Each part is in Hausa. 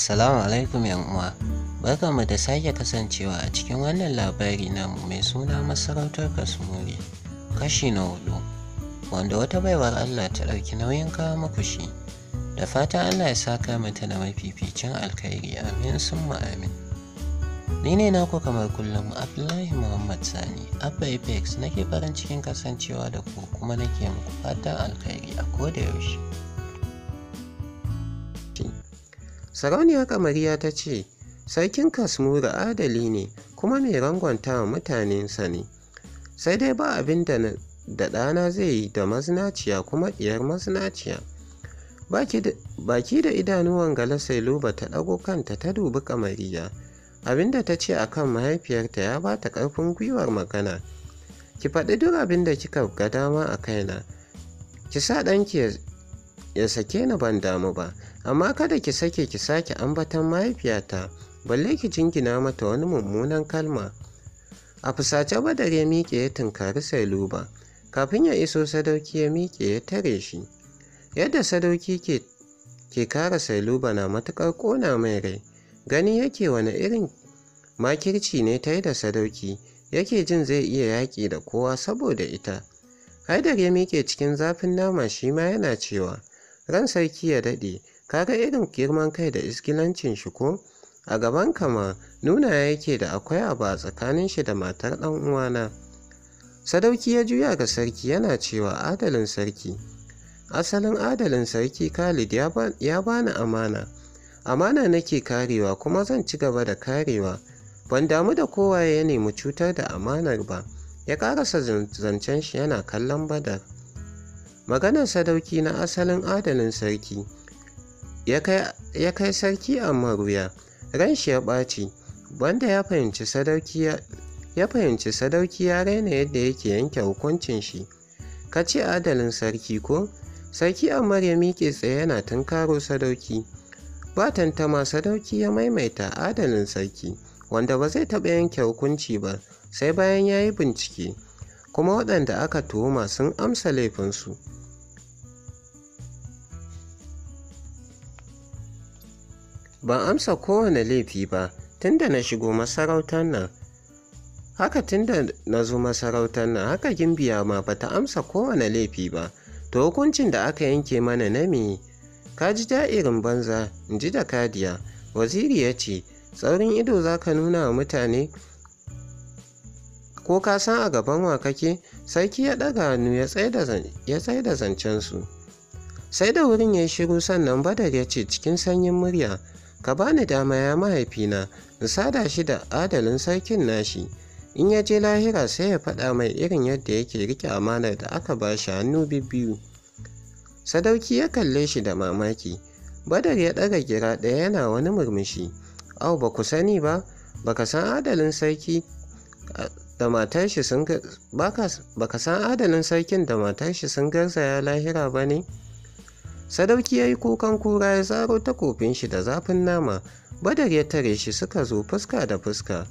Assalamu alaikum uwa Barkanmu da sake kasancewa a cikin wannan labari namu mai suna masarautar Kasmuri, kashi na hudu, wanda wata baiwar Allah ta ɗauki nauyin kawo muku shi. Da fatan Allah ya saka mata da mafificin alkhairi amin sun amin. Ni ne naku kamar kullum Abdullahi Muhammad Sani, Abba Apex nake farin cikin kasancewa da ku kuma nake muku fatan alkhairi a koda yaushe. sarauniya kamariya ta ce sarkin da adali ne kuma mai rangonta wa mutanensa ne sai dai ba abin da da ɗana zai yi da mazinaciya kuma ɗiyar mazinaciya baki da idanuwan gala sai luba ta ɗago kanta ta dubi kamariya da ta ce a kan mahaifiyarta ya ba ta ƙarfin gwiwar magana ki faɗi duk abin da kika ga dama a kaina ki sa ɗanki ya sake ni ban damu ba amma kada ki sake ki sake ambatan mahaifiyata balle ki jingina mata wani mummunan kalma a fusace badar ya miƙe ya tunkari sailuba kafin ya iso sadauki ya miƙe ya tare shi yadda sadauki ke ke kara sailuba na matuƙar ƙona mai rai gani yake wani irin makirci ne ta yi da sadauki yake jin zai iya yaƙi da kowa saboda ita haidar ya miƙe cikin zafin nama shi ma yana cewa ran sarki ya daɗe ka ga irin girman kai da iskilancin shi ko a gaban kama nuna yake da akwai abu a tsakanin shi da matar ɗan uwana sadauki ya juya ga sarki yana cewa adalin sarki asalin adalin sarki khalid ya bani amana amana nake karewa kuma zan ci gaba da karewa ban damu da kowa ya nemi cutar da amanar ba ya karasa zancen shi yana kallon badar maganar sadauki na asalin adalin sarki ya kai sarki amma wuya ran shi ya ɓaci wanda ya fahimci sadauki ya raina yadda yake yanke hukuncin shi ka ce adalin sarki ko sarki amar ya miƙe tsaye yana tunkaro sadauki ba tantama sadauki ya maimaita adalin sarki wanda ba zai taɓa yanke hukunci ba sai bayan ya yi bincike kuma waɗanda aka tuhuma sun amsa laifinsu Ba amsa kowane laifi ba tunda na shigo masarautar nan haka tunda na zo masarautar nan haka gimbiya ma ta amsa kowane laifi ba to hukuncin da aka yanke mana na me ka ji da'irin banza in ji da kadiya waziri ya ce tsaurin ido za ka nuna wa mutane ko ka san a gaban wa kake sarki ya ɗaga hannu ya tsaye da zancensu sai da wurin ya shiru sannan badar ya ce cikin sanyin murya ka bani dama ya mahaifina in sada shi da adalin sarkin nashi in ya je lahira sai ya faɗa mai irin yadda yake rike amanar da aka ba shi hannu biyu sadauki ya kalle shi da mamaki badar ya ɗaga gira ɗaya yana wani murmushi au ba ku sani ba baka san adalin sarki da matar shi sun baka san adalin sarkin da matar shi sun garzaya lahira ba ne sadauki ya yi kukan kura ya zaro takofin shi da zafin nama badar ya tare shi suka zo fuska da fuska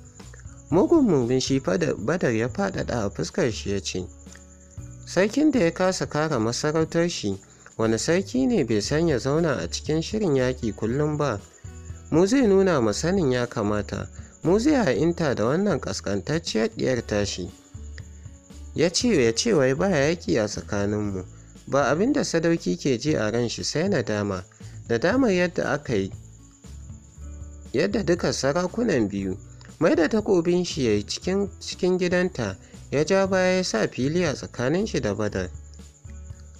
mugun mumbin shi badar ya faɗaɗa a fuskar shi ya ce sarkin da ya kasa kare masarautar shi wani sarki ne bai san ya zauna a cikin shirin yaƙi kullum ba mu zai nuna ma sanin ya kamata mu zai ha'inta da wannan ƙasƙantacciyar diyar tashi ya ce ya ce wai ba yaƙi a tsakaninmu ba abin da sadauki ke ji a ran shi sai nadama dama. yadda aka yi yadda duka sarakunan biyu mai da takobin shi ya yi cikin gidanta ya ja baya ya sa fili a tsakanin shi da badar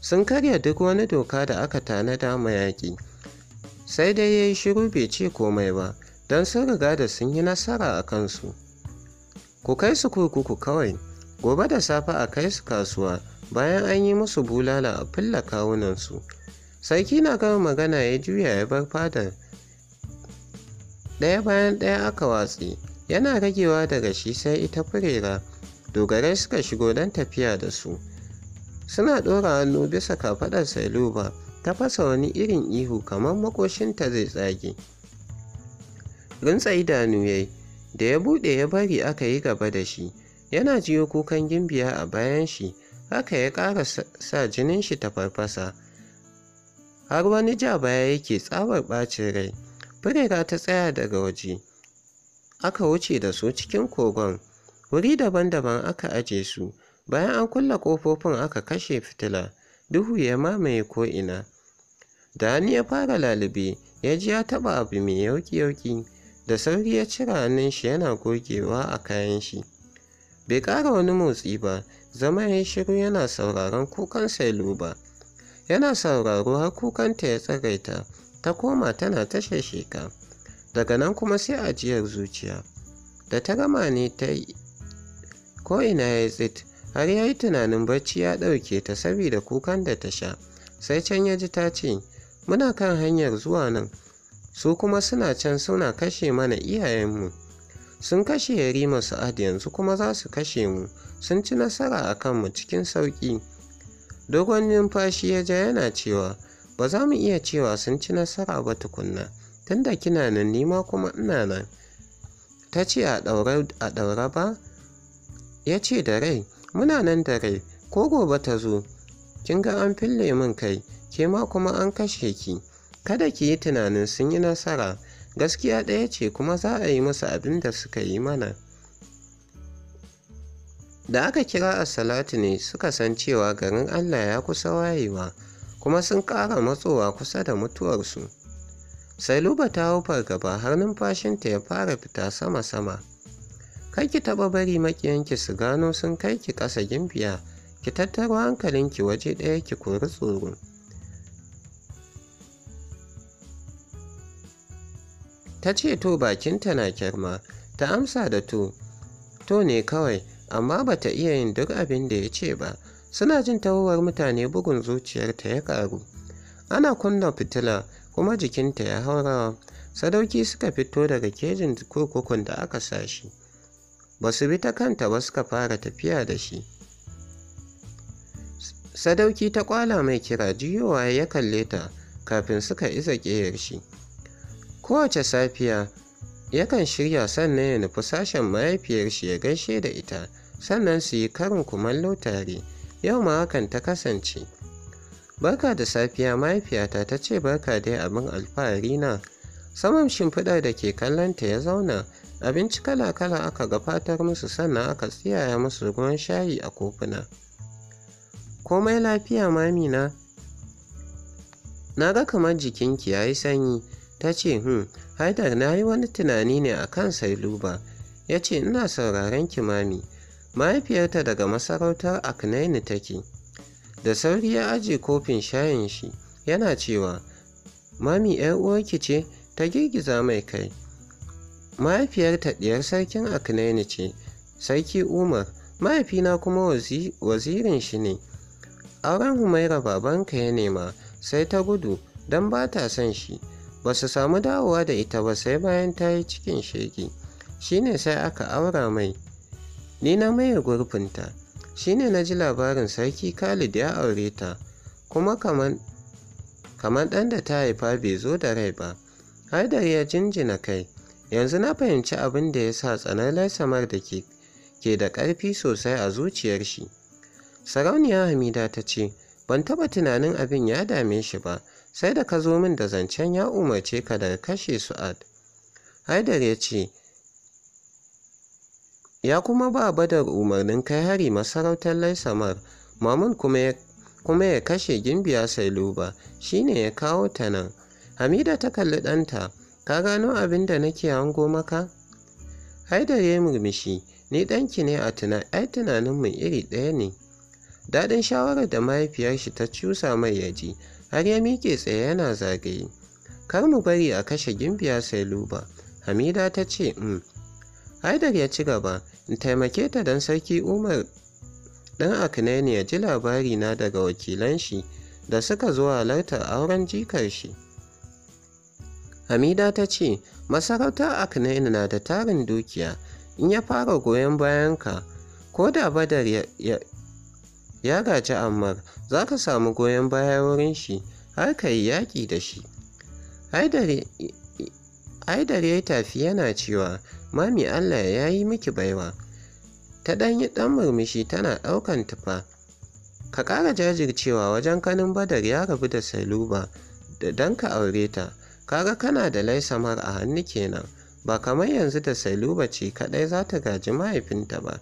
sun karya duk wani doka da aka tanada ma yaƙi sai dai ya yi shiru bai ce komai ba don sun riga da sun yi nasara a kansu ku kai su kurkuku kawai gobe da safe a kai su kasuwa bayan an yi musu bulala a fulla kawunansu sarki na gama magana ya juya ya bar fadar ɗaya bayan ɗaya aka watsi yana ragewa daga shi sai ita furera dogarai suka shigo don tafiya da su suna ɗora hannu bisa kafaɗar sailuba ta fasa wani irin ihu kamar makoshinta zai tsage rinsa idanu yayi da ya buɗe ya bari aka yi gaba da shi yana jiyo kukan gimbiya a bayan shi haka ya ƙara sa jinin shi ta farfasa har wani ja baya yake tsabar ɓacin rai firera ta tsaya daga waje aka wuce da su cikin kogon wuri daban-daban aka aje su bayan an kulle ƙofofin aka kashe fitila duhu ya mamaye ko'ina da hannu ya fara lalube ya ji ya taɓa abu mai yauƙi-yauƙi da sauri ya cire hannun shi yana gogewa a kayan shi bai ƙara wani motsi ba zama ya yi shiru yana sauraron kukan sailuba yana sauraro har kukanta ya tsagaita ta koma tana tashe sheka daga nan kuma sai ajiyar zuciya da ta gama ne ta yi ko'ina ya tsit har ya yi tunanin bacci ya ɗauke ta sabida kukan da ta sha sai can ya ji ta ce muna kan hanyar zuwa nan su kuma suna can suna kashe mana iyayenmu sun kashe yarima sa'ad yanzu kuma za su kashe mu sun ci nasara a kanmu cikin sauƙi dogon numfashi ya ja yana cewa ba za mu iya cewa sun ci nasara ba tukunna tunda kina nan nima kuma ina nan ta ce a ɗaure ba ya ce da rai muna nan da rai ko gobe ta zo kin ga an fille min kai ke ma kuma an kashe ki kada ki yi tunanin sun yi nasara gaskiya ɗaya ce kuma za a yi musu abin da suka yi mana da aka kira a salatu ne suka san cewa garin allah ya kusa wayewa kuma sun ƙara matsowa kusa da mutuwarsu sai luba ta hau fargaba har numfashinta ya fara fita sama-sama kai ki taɓa bari makiyanki su gano sun kai ki ƙasa gimbiya ki tattaro hankalinki waje ɗaya ki kori tsoro ta ce to bakinta na kirma, ta amsa da to to ne kawai amma ba ta iya yin duk abin da ya ce ba suna jin tawowar mutane bugun zuciyarta ya karu ana kunna fitila kuma jikinta ya haurawa sadauki suka fito daga kejin kurkukun da aka sa shi. ba su bi ta kanta ba suka fara tafiya da shi sadauki ta kwala mai kira jiyowa ya kalle ta kafin suka isa ƙeyar shi kowace safiya yakan shirya sannan ya nufi sashen mahaifiyar ya gaishe da ita sannan su yi karin kumallo tare yau ma hakan ta kasance barka da safiya mahaifiyata ta ce barka dai abin alfahari na saman shimfiɗar da ke kallonta ya zauna abinci kala-kala aka gabatar musu sannan aka tsiyaya musu ruwan shayi a kofuna komai lafiya mamina na ga kamar jikinki ya yi sanyi ta ce hun hmm, haidar na yi wani tunani ne a kan sailuba ya ce ina sauraren kimami mahaifiyarta daga masarautar aknaini take da sauri ya aje kofin shayin shi yana cewa mami yar uwarki ce ta girgiza mai kai mahaifiyarta ɗiyar sarkin aknaini ce sarki umar mahaifina kuma wazirin shi ne auren humaira babanka ya nema sai ta gudu don ba ta son shi ba su samu dawowa da ita ba sai bayan ta yi cikin sheki shine sai aka aura mai ni na maye gurfinta shine na ji labarin sarki khalid ya aure ta kuma kaman kamar ɗan da ta haifa bai zo da rai ba haidar ya jinjina kai yanzu na fahimci abin da ya sa tsanar laisamar da ke da ƙarfi sosai a zuciyar shi sarauniya hamida ta ce ban taɓa tunanin abin ya dame shi ba sai da ka zo min da zancen ya umarce ka da kashe su a. haidar ya ce ya kuma ba badar umarnin kai hari masarautar laisamar mamun kuma ya kashe gimbiya sai luba. shi ne ya kawo ta nan hamida ta kalli ɗanta ka gano abin da nake hango maka haidar ya murmushi ni ɗanki ne a tunanin tunaninmu iri ɗaya ne Daɗin shawarar da mahaifiyar shi ta cusa mai ya ji, har ya miƙe tsaye yana zagaye. Kar mu bari a kashe gimbiya sai luba. Hamida ta ce, "Um." Haidar ya ci gaba, in taimake ta don sarki Umar ɗan Akneni ya ji labari na daga wakilan shi da suka zo halartar auren jikar shi. Hamida ta ce, "Masarautar Akneni na da tarin dukiya, in ya fara goyon bayan ka, ko da badar ya, ya gaji Ammar za ka samu goyon baya wurin shi har ka yi yaƙi da shi. Haidar ya yi tafi yana cewa mami Allah ya yi miki baiwa. Ta ɗan yi ɗan murmushi tana ɗaukan tufa. Ka ƙara jajircewa wajen kanin badar ya rabu da saluba da don ka aure ta, kaga kana da laisamar a hannu kenan, ba kamar yanzu da saluba ce kaɗai za ta gaji mahaifinta ba.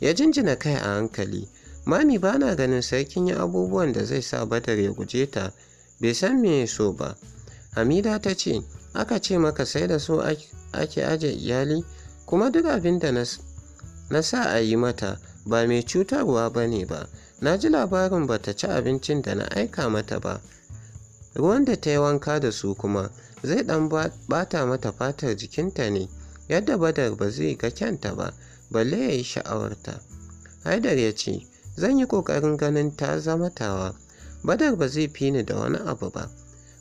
Ya jinjina kai a hankali, Mami ba na ganin sarkin yi abubuwan da zai sa Badar ya guje ta, bai san me so ba. Hamida ta ce, aka ce maka sai da so ake aje iyali, kuma duk abin da na sa a yi mata ba mai cutarwa ba ne ba. Na ji labarin ba ta ci abincin da na aika mata ba. Ruwan da ta yi wanka da su kuma zai ɗan bata mata fatar jikinta ne, yadda Badar ba zai ga kyanta ba, balle ya yi sha'awarta. Haidar ya ce, zan yi ƙoƙarin ganin ta zama tawa badar ba zai fi ni da wani abu ba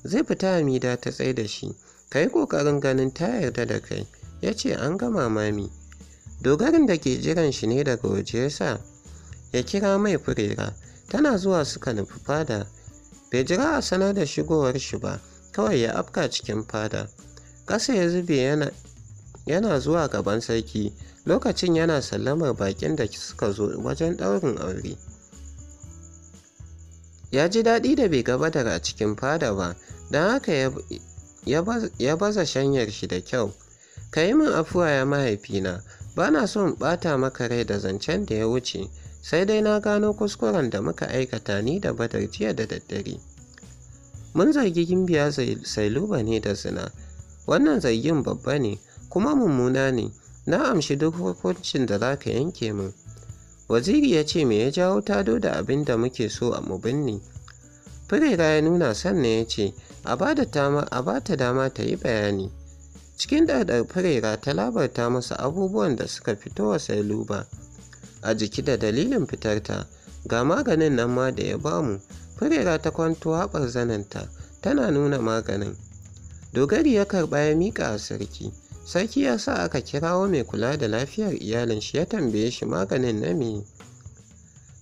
zai fita mida ta tsaye da shi ka yi ƙoƙarin ganin ta yarda da kai ya ce an gama mami dogarin da ke jiran shi ne daga waje ya sa ya kira mai furera tana zuwa suka nufi fada bai jira a sanar da shigowar shi ba kawai ya afka cikin fada ƙasa ya zube yana yana zuwa gaban sarki lokacin yana sallamar bakin da suka zo wajen ɗaurin aure ya ji daɗi da bai gabatar a cikin fada ba don haka ya baza shanyar shi da kyau ka yi min afuwa ya mahaifina ba na so in ɓata maka rai da zancen da ya wuce sai dai na gano kuskuren da muka aikata ni da badar jiya da daddare mun zargi gimbiya sailuba ne da zina wannan zargin babba ne kuma mummuna ne na amshi duk hukuncin da za ka yanke min waziri ya ce me ya jawo tado da abin da muke so a mu binne firera ya nuna sannan ya ce a ba ta dama ta yi bayani cikin ɗaɗar firera ta labarta masa abubuwan da suka fito wa luba a jiki da dalilin fitarta ga maganin nan ma da ya ba mu firera ta kwanto haɓar zananta tana nuna maganin dogari ya karɓa ya miƙa a sarki sarki ya sa aka kirawo mai kula da lafiyar iyalin shi ya tambaye shi maganin na me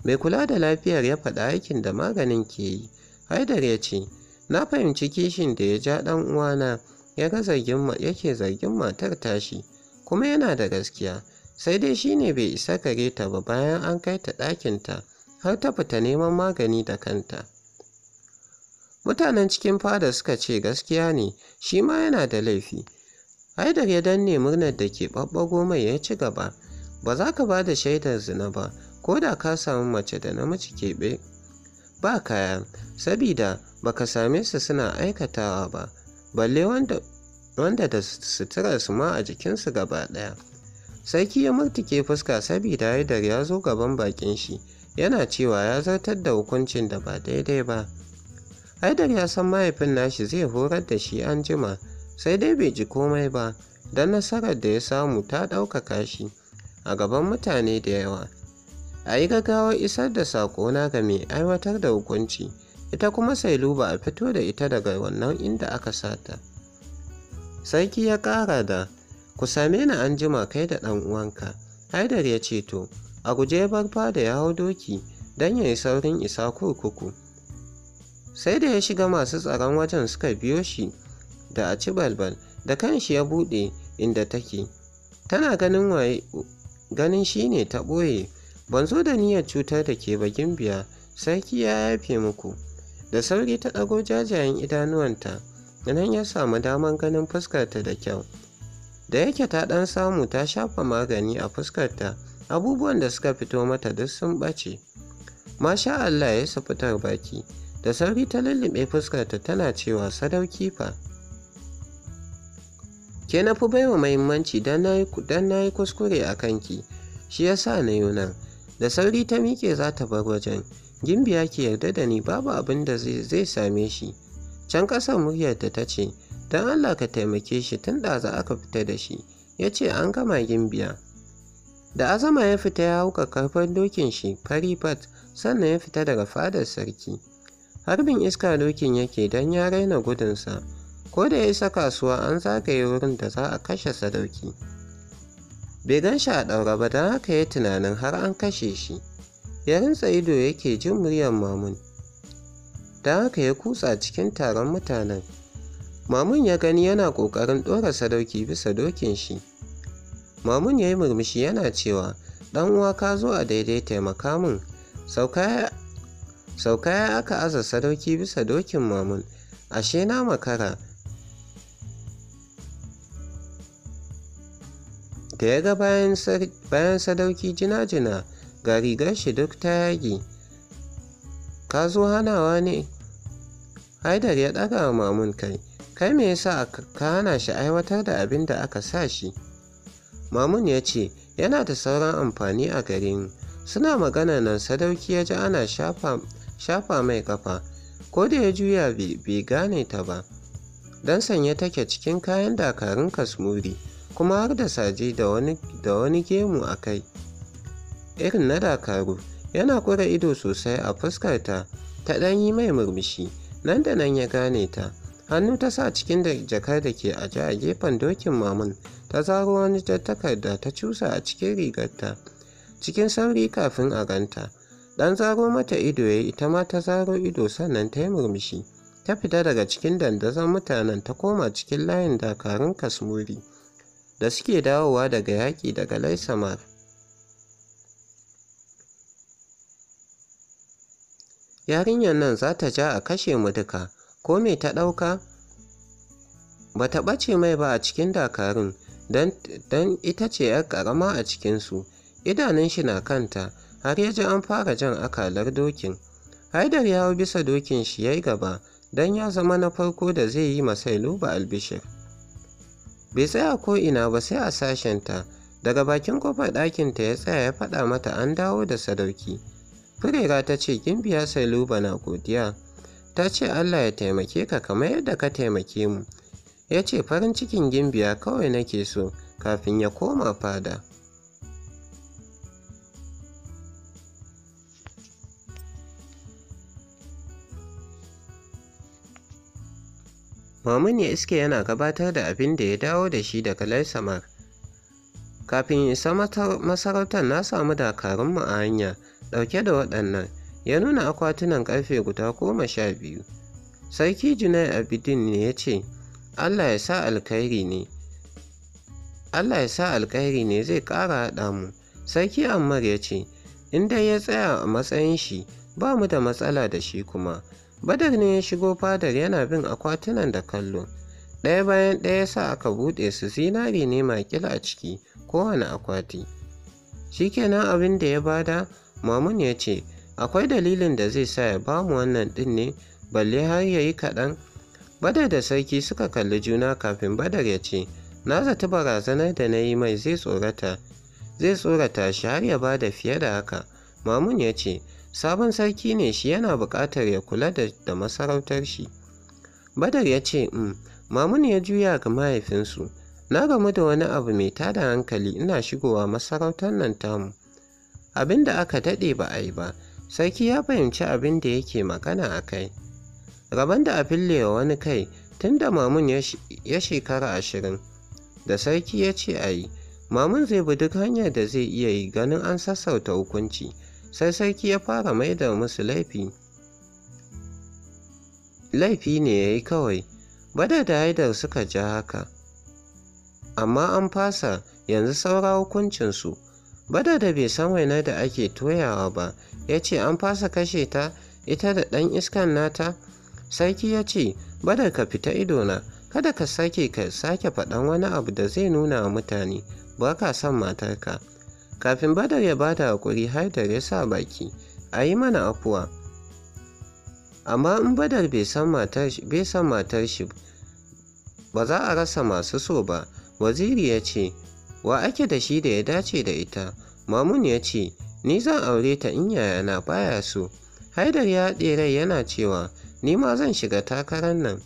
mai kula da lafiyar ya faɗa aikin da maganin ke yi haidar ya ce na fahimci kishin da ya ja ɗan uwana ya ga zargin yake zargin matar tashi kuma yana da gaskiya sai dai shi ne bai isa gare ta ba bayan an kai ta ɗakin ta har ta fita neman magani da kanta mutanen cikin fada suka ce gaskiya ne shi ma yana da laifi haidar ya danne murnar da ke ɓaɓɓago mai ya ci gaba ba za ka ba da shaidar zina ba ko da ka samu mace da namiji keɓe ba kaya sabida baka same su suna aikatawa ba balle wanda da suturarsu ma a jikinsu gaba ɗaya sarki ya murtuke fuska sabida haidar ya zo gaban baƙin shi yana cewa ya zartar da hukuncin da ba daidai ba haidar ya san mahaifin nashi zai horar da shi an jima sai dai bai ji komai ba don nasarar da ya samu ta ɗaukaka shi a gaban mutane da yawa a yi gaggawa isar da saƙona ga mai aiwatar da hukunci ita kuma sai luba a fito da ita daga wannan inda aka sata sarki ya ƙara da ku same ni an jima kai da ɗan uwanka haidar ya ce to a guje ya da ya hau doki don ya yi saurin isa kurkuku sai da ya shiga masu tsaron wajen suka biyo shi da a ci balbal da kan shi ya buɗe inda take tana ganin waye ganin shi ne ta ɓoye ban zo da niyyar cutar da ke ba biya. sarki ya yafe muku da sauri ta ɗago jajayen idanuwanta nan ya samu daman ganin fuskarta da kyau da yake ta ɗan samu ta shafa magani a fuskarta abubuwan da suka fito mata duk sun ɓace masha Allah ya fitar baki da sauri ta lullube fuskarta tana cewa sadauki fa ke na fi baiwa mahimmanci don na yi kuskure a kanki shi ya sa na yi nan da sauri ta miƙe za ta bar wajen gimbiya ke yarda da ni babu abin da zai same shi can ƙasar muryar da ta ce don allah ka taimake shi tun da za aka fita da shi ya ce an gama gimbiya da azama ya fita ya hauka karfar dokin shi fari fat sannan ya fita daga fadar sarki harbin iska dokin yake don ya raina gudunsa ko da ya isa kasuwa an zagaye wurin da za a kashe sadauki bai gan shi a ɗaura ba don haka ya tunanin har an kashe shi ya rintsa ido yake jin muryar mamun don haka ya kutsa cikin taron mutanen mamun ya gani yana ƙoƙarin ɗora sadauki bisa dokin shi mamun ya yi murmushi yana cewa ɗan uwa ka zo a daidai taimaka min sauka ya aka aza sadauki bisa dokin mamun ashe na makara da ya ga bayan sadauki jina-jina ga rigar shi duk ta yage ka zo hanawa ne haidar ya ɗaga wa mamun kai kai me yasa ka hana shi aiwatar da abin da aka sa shi mamun ya ce yana da sauran amfani a garin suna magana nan sadauki ya ji ana shafa mai kafa ko da ya juya bai gane ta ba don sanye take cikin kayan dakarun kasmuri kuma har da saje da wani gemu a kai irin na dakaru yana kura ido sosai a fuskarta ta ɗan yi mai murmushi nan da nan ya gane ta hannu ta sa cikin da jakar da ke aje a gefen dokin mamun ta zaro wani takarda ta cusa a cikin rigarta cikin sauri kafin a ganta ɗan zaro mata ido ya ita ma ta zaro ido sannan ta yi murmushi ta fita daga cikin dandazon mutanen ta koma cikin layin dakarun kasmuri. da suke dawowa daga yaƙi daga Laisamar. Yarinyar nan za ta ja a kashe mu duka, ko me ta ɗauka? Ba ta ɓace mai ba a cikin dakarun, don ita ce ‘yar ƙarama a cikinsu, idanun shi na kanta, har ya ji an fara jan akalar dokin. Haidar ya bisa dokin shi ya yi gaba, don ya zama na farko da zai yi masailu ba albishir. bai tsaya ko ina ba sai a sashenta daga bakin kofar ɗakinta ya tsaya ya faɗa mata an dawo da sadauki firera ta ce gimbiya sailuba na godiya ta ce allah ya taimake ka kamar yadda ka taimake mu ya ce farin cikin gimbiya kawai nake so kafin ya koma fada Mamun ya iske yana gabatar da abin da ya dawo da shi daga Laisamar. Kafin isa masarautar na samu dakarunmu a hanya ɗauke da waɗannan ya nuna akwatunan ƙarfe guda goma sha biyu. Sarki Junai Abidin ne ya ce, Allah ya sa alkhairi ne. Allah ya sa alkhairi ne zai ƙara haɗa mu. Sarki Ammar ya ce, in dai ya tsaya a matsayin shi ba mu da matsala da shi kuma badar ne ya shigo fadar yana bin akwatunan da kallo ɗaya bayan ɗaya sa aka buɗe su zinari ne makila a ciki kowane akwati Shi shikenan abin da ya bada mamun ya ce akwai dalilin da zai sa ya bamu wannan ɗin ne balle har ya yi kaɗan badar da sarki suka kalli juna kafin badar ya ce na zata barazanar da na yi mai zai tsorata zai tsorata shi har ya bada fiye da haka mamun ya ce Sabon sarki ne shi yana buƙatar ya kula da masarautar shi. Badar ya ce, um, Mamun ya juya ga mahaifinsu, na gamu da wani abu mai tada hankali ina shigowa masarautar nan tamu. Abin da aka daɗe ba a yi ba, sarki ya fahimci abin da yake magana a kai. Rabon da a wa wani kai tun da Mamun ya shekara ashirin, da sarki ya ce a yi, Mamun zai bi duk hanyar da zai iya yi ganin an sassauta hukunci. sai sarki ya fara mai da musu laifi laifi ne ya yi kawai bada da haidar suka ja haka amma an fasa yanzu saura hukuncinsu bada da bai san waina da ake toyawa ba ya ce an fasa kashe ta ita da ɗan iskan nata sarki ya ce bada ka fita idona kada ka sake ka sake faɗan wani abu da zai nuna wa mutane ba ka son matarka kafin badar ya ba ta haƙuri haidar ya sa baki a yi mana afuwa amma in badar bai san matar shi ba za a rasa masu so ba waziri ya ce wa ake da shi da ya dace da ita mamun ya ce ni zan aure ta in yaya na, baya so haidar ya haɗe rai yana cewa ni ma zan shiga takarar nan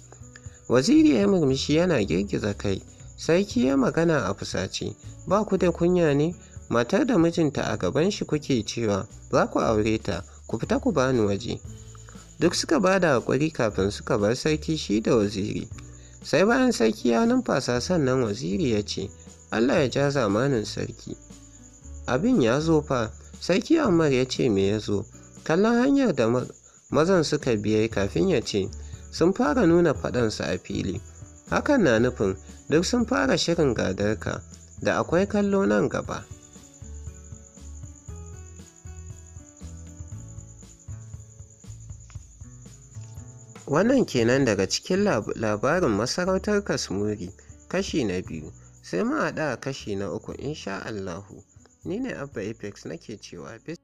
waziri ya murmushi yana girgiza kai sarki ya magana a fusace ba ku da kunya ne matar da mijinta a gaban shi kuke cewa za ku aure ta ku fita ku bani waje duk suka ba da haƙuri kafin suka bar sarki shi da waziri sai bayan sarki ya numfasa sannan waziri ya ce allah ya ja zamanin sarki abin ya zo fa sarki amar ya ce me ya zo kallon hanyar da mazan suka biya kafin ya ce sun fara nuna faɗansu a fili hakan na nufin duk sun fara shirin gadarka da akwai kallo nan gaba Wannan kenan daga cikin labarin masarautar Kasmuri, kashi na biyu, sai mu haɗu a kashi na uku, in Allahu. Ni ne Abba Apex nake cewa bis.